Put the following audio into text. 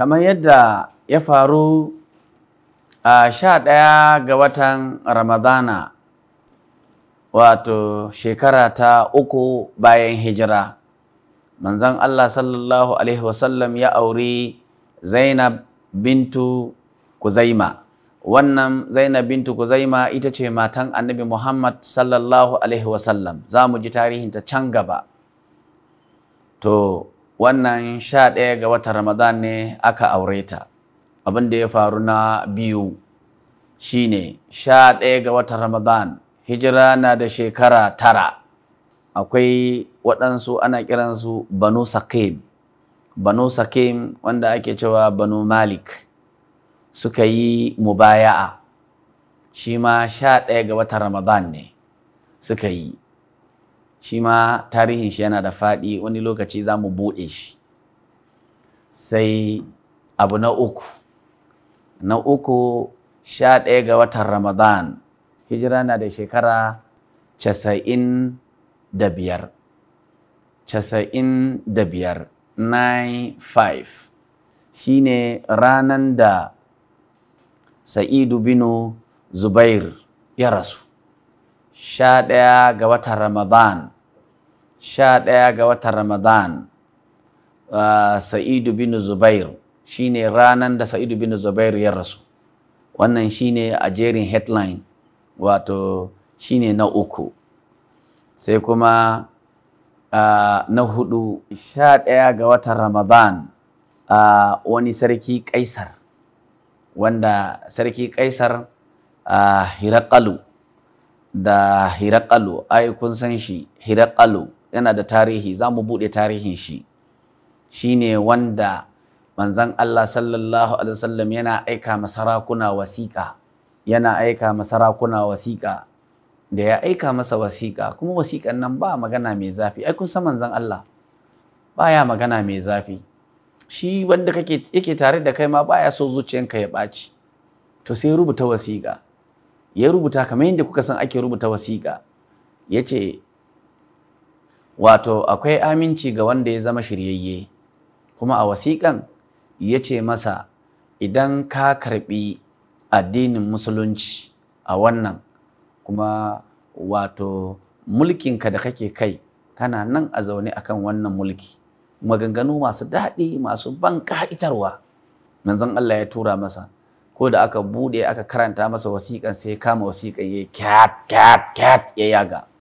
kamar yadda ya faru a sha ɗaya ga watan ramadana wato shekara ta uku bayan hijira manzon Allah sallallahu alaihi wasallam ya auri Zainab bintu Kuzaima wannan Zainab bintu Kuzaima ita ce matan annabi Muhammad sallallahu alaihi wasallam za mu ji tarihinta can gaba to wannan sha ɗaya ga watan ramadan ne aka aure ta abin da ya faru na biyu shine sha ɗaya ga watan ramadan hijira na da shekara tara akwai waɗansu ana kiransu banu sakim banu sakim wanda ake cewa banu malik suka yi mubaya'a shi ma sha ɗaya ga watan ramadan ne suka yi shi ma tarihin shi yana da faɗi wani lokaci za mu buɗe shi sai abu na uku na uku sha ɗaya ga watan ramadan hijira na da shekara casa'in da biyar casa'in da biyar 95 shi ne ranar da sa'idu binu zubair ya rasu sha ɗaya ga watan Ramadan sha ɗaya ga watan Ramadan ah, Sa'idu bin Zubair ne ranar da Sa'idu bin Zubair ya rasu wannan shi ne a jerin headline wato shi ne na uku sai kuma ah, na hudu sha ɗaya ga watan Ramadan ah, wani sarki Kaisar wanda sarki Kaisar Hirakalu da hirakalu ai kun san shi hirakalu yana da tarihi za mu buɗe tarihin shi Shi ne wanda manzan Allah sallallahu alaihi wasallam yana aika masarakuna wasiƙa yana aika masarakuna wasiƙa da ya aika masa wasiƙa kuma wasiƙan nan ba magana mai zafi ai kun san manzan Allah baya magana mai zafi shi wanda kake yake tare da kai ma baya so zuciyanka ya ɓaci to sai rubuta wasiƙa ya rubuta kamar yadda kuka san ake rubuta wasiƙa ya ce wato akwai aminci ga wanda ya zama shiryayye kuma a wasiƙan ya ce masa idan ka karɓi addinin musulunci a wannan kuma wato mulkinka da kake kai kana nan a zaune akan wannan mulki maganganu masu daɗi masu ban ƙa'itarwa manzon Allah ya tura masa ko da aka bude aka karanta masa wasiƙan sai kama wasiƙan ya kyat kyat kyat ya yaga